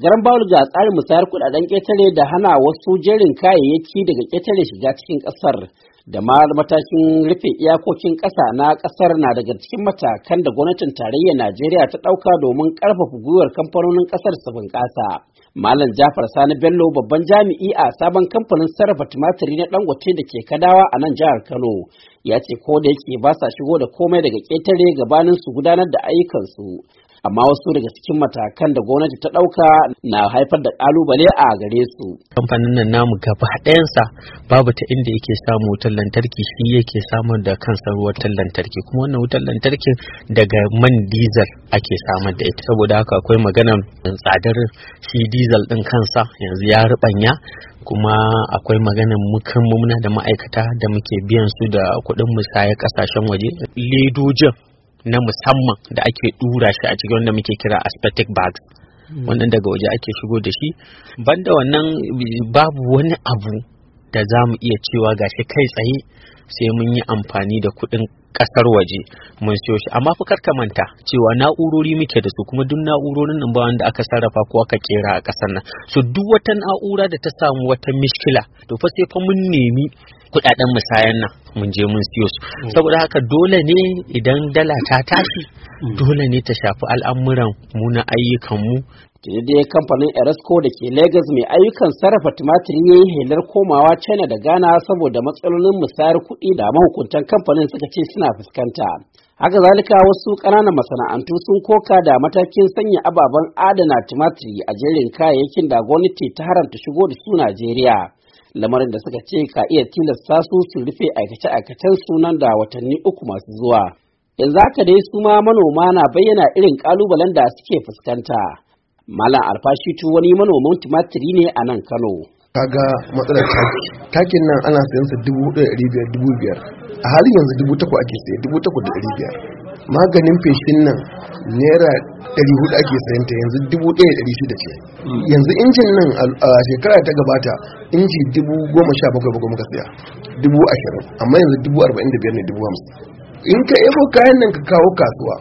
garan bawul ga tsarin musayar kudaden ƙetare da hana wasu jerin kayayyaki daga ƙetare shiga cikin ƙasar da ma matakin rufe iyakokin ƙasa na ƙasar na daga cikin matakan da gwamnatin tarayyar najeriya ta ɗauka domin ƙarfafa gwiwar kamfanonin ƙasar su bunƙasa malam jafar sani bello babban jami'i a sabon kamfanin sarrafa tumatiri na dangote da ke kadawa a nan jihar kano ya ce ko da yake ba sa shigo da komai daga ƙetare gabanin su gudanar da ayyukan su. amma wasu daga cikin matakan da gwamnati ta ɗauka na haifar da ƙalubale a gare su. Kamfanin nan namu gaba ɗayansa babu ta inda yake samu wutar lantarki shi yake samar da kansa wutar lantarki kuma wannan wutar lantarkin daga man diesel ake samar da ita saboda haka akwai magana tsadar shi diesel ɗin kansa yanzu ya ruɓanya kuma akwai magana mukan mumuna da ma'aikata da muke biyan su da kuɗin musaya ƙasashen waje ledojin na musamman da ake dura shi a cikin wanda muke kira aesthetic bags hmm. wannan daga waje ake shigo da shi banda wannan babu wani abu da za mu iya cewa gashi kai tsaye sai mun yi amfani da kuɗin ƙasar waje mun siyo shi amma fa ka manta cewa na'urori muke da su kuma duk na'urorin nan ba wanda aka sarrafa ko aka kera a ƙasar nan so duk wata na'ura da ta samu wata mishkila to fa sai fa mun nemi kuɗaɗen musayan nan mun je mun siyo su mm. saboda haka dole ne idan dala ta tashi mm. dole ne ta shafi al'amuran mu na ayyukan mu dai kamfanin Erasco da ke Legas mai ayyukan sarrafa tumatir ya yi helar komawa China da Ghana saboda matsalolin musayar kuɗi da mahukuntan kamfanin suka ce suna fuskanta. Haka zalika wasu ƙananan masana'antu sun koka da matakin sanya ababen adana tumatiri a jerin kayayyakin da gwamnati ta haramta shigo da su Najeriya. Lamarin da suka ce ka iya tilasta su su rufe aikace-aikacen sunan da watanni uku masu zuwa. Yanzu haka dai su ma manoma na bayyana irin ƙalubalen da suke fuskanta. Malam Alfashitu wani manoman tumatiri ne a nan Kano. Kaga matsalar taki. Takin nan ana sayan sa dubu ɗari biyar dubu biyar. A halin yanzu dubu takwa ake saye dubu takwa da ɗari biyar. Maganin feshin nan naira ɗari hudu ake sayan ta yanzu dubu ɗaya ɗari shida ce. Yanzu injin nan a shekara ta gabata inji dubu goma sha bakwai bakwai muka saya dubu ashirin amma yanzu dubu arba'in da biyar ne dubu hamsin. In ka ebo kayan nan ka kawo kasuwa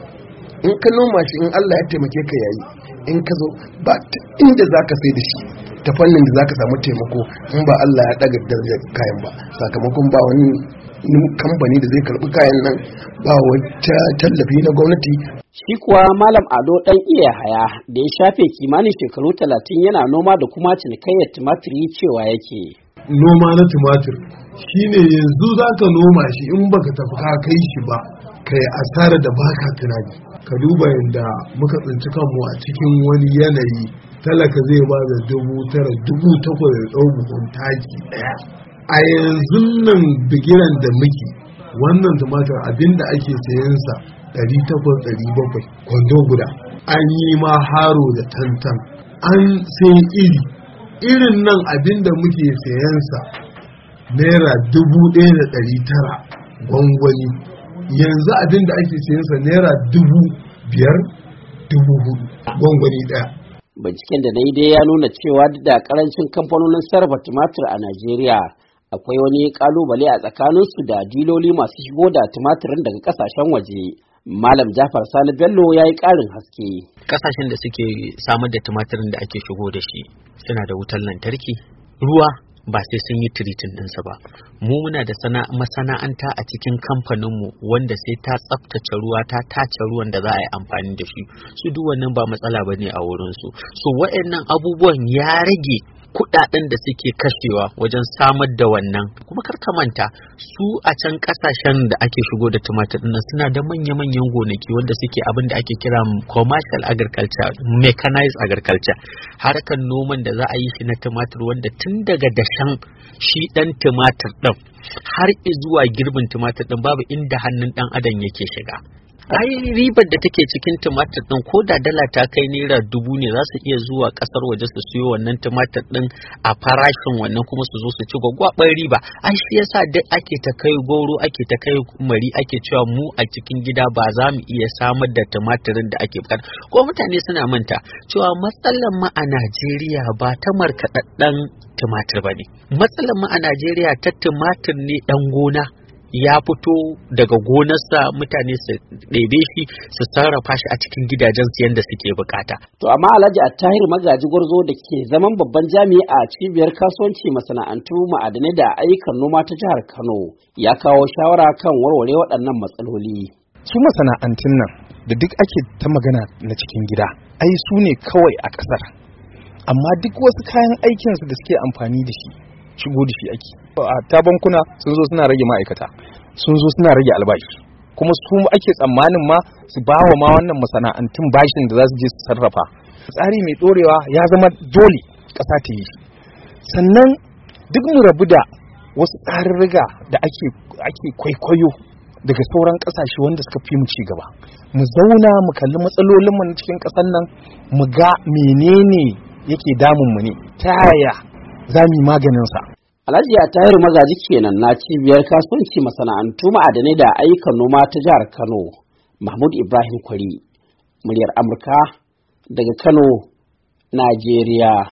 in ka noma shi in Allah ya taimake ka yayi in ka zo ba inda za ka sai da shi ta fannin da za ka samu taimako in ba Allah ya daga darajar kayan ba sakamakon ba wani kambani da zai karɓi kayan nan ba wata tallafi na gwamnati shi kuwa malam ado dan iya haya da ya shafe kimanin shekaru talatin yana noma da kuma cinikayyar tumatiri cewa yake noma na tumatir shine yanzu za ka noma shi in baka tafi ka kai shi ba kai asara da baka tunani ka duba yadda muka tsinci kanmu a cikin wani yanayi talaka zai ba da dubu tara dubu takwas da ɗau buhun taki ɗaya a yanzu nan bigiran da muke wannan tumatir abinda ake sayansa ɗari takwas ɗari bakwai kwando guda an yi ma haro da tantan an sai iri irin nan abinda muke sayansa naira dubu ɗaya da ɗari tara gwangwani yanzu abin da ake sayansa naira dubu biyar dubu hudu gwangwani daya binciken da na yi dai ya nuna cewa da karancin kamfanonin sarrafa tumatir a najeriya akwai wani kalubale a tsakaninsu da diloli masu shigo da tumatirin daga kasashen waje Malam Jafar Sani Bello ya yi ƙarin haske. Ƙasashen da suke samar da tumatirin da ake shigo da shi suna da wutar lantarki, ruwa ba sai sun yi tiritin ɗinsa ba mu muna da masana'anta a cikin kamfaninmu wanda sai ta tsaftace ruwa ta tace ruwan da za a yi amfani da shi su duk wannan ba matsala ba ne a su. so wa'annan abubuwan ya rage kudaden da suke kashewa wajen samar da wannan kuma kar ka manta su a can kasashen da ake shigo da tumatir din suna da manya-manyan gonaki wanda suke abin da ake kira commercial agriculture mechanized agriculture harkar noman da za a yi shi na tumatir wanda tun daga dashen shi dan tumatir din har zuwa girbin tumatir din babu inda hannun dan adam yake shiga ai ribar da take cikin tumatir din ko da dala ta kai naira dubu ne za su iya zuwa kasar waje su siyo wannan tumatir din a farashin wannan kuma su zo su ci gwagwaban riba ai shi yasa duk ake ta kai goro ake ta kai mari ake cewa mu a cikin gida ba za mu iya samar da tumatirin da ake bukata ko mutane suna manta cewa matsalar ma a Najeriya ba ta markaɗaɗɗen tumatir ba ne matsalar ma a Najeriya ta tumatir ne ɗan gona ya fito daga gonarsa mutane su ɗebe shi su sarrafa shi a cikin gidajen su yadda suke bukata. To amma Alhaji Attahir Magaji Gwarzo da ke zaman babban jami'a a cibiyar kasuwanci masana'antu ma'adanai da ayyukan noma ta jihar Kano ya kawo shawara kan warware waɗannan matsaloli. Su masana'antun nan da duk ake ta magana na cikin gida ai su ne kawai a ƙasar amma duk wasu kayan aikinsu da suke amfani da shi shigo da shi ake ta bankuna sun zo suna rage ma'aikata sun zo suna rage albashi kuma su ake tsammanin ma su bawa ma wannan masana'antun bashin da za su je su sarrafa tsari mai dorewa ya zama dole ƙasa ta yi sannan duk mu rabu da wasu tsarin riga da ake kwaikwayo daga sauran ƙasashe wanda suka fi mu ci gaba mu zauna mu kalli matsalolin mu na cikin ƙasar nan mu ga menene yake damun mu ne ta yaya za mu yi maganinsa. Alhaji Tahiru Magaji kenan na cibiyar kasuwanci masana'antu ma'adanai da ayyukan noma ta jihar Kano, Mahmud Ibrahim Kwari, muryar Amurka daga Kano, Najeriya.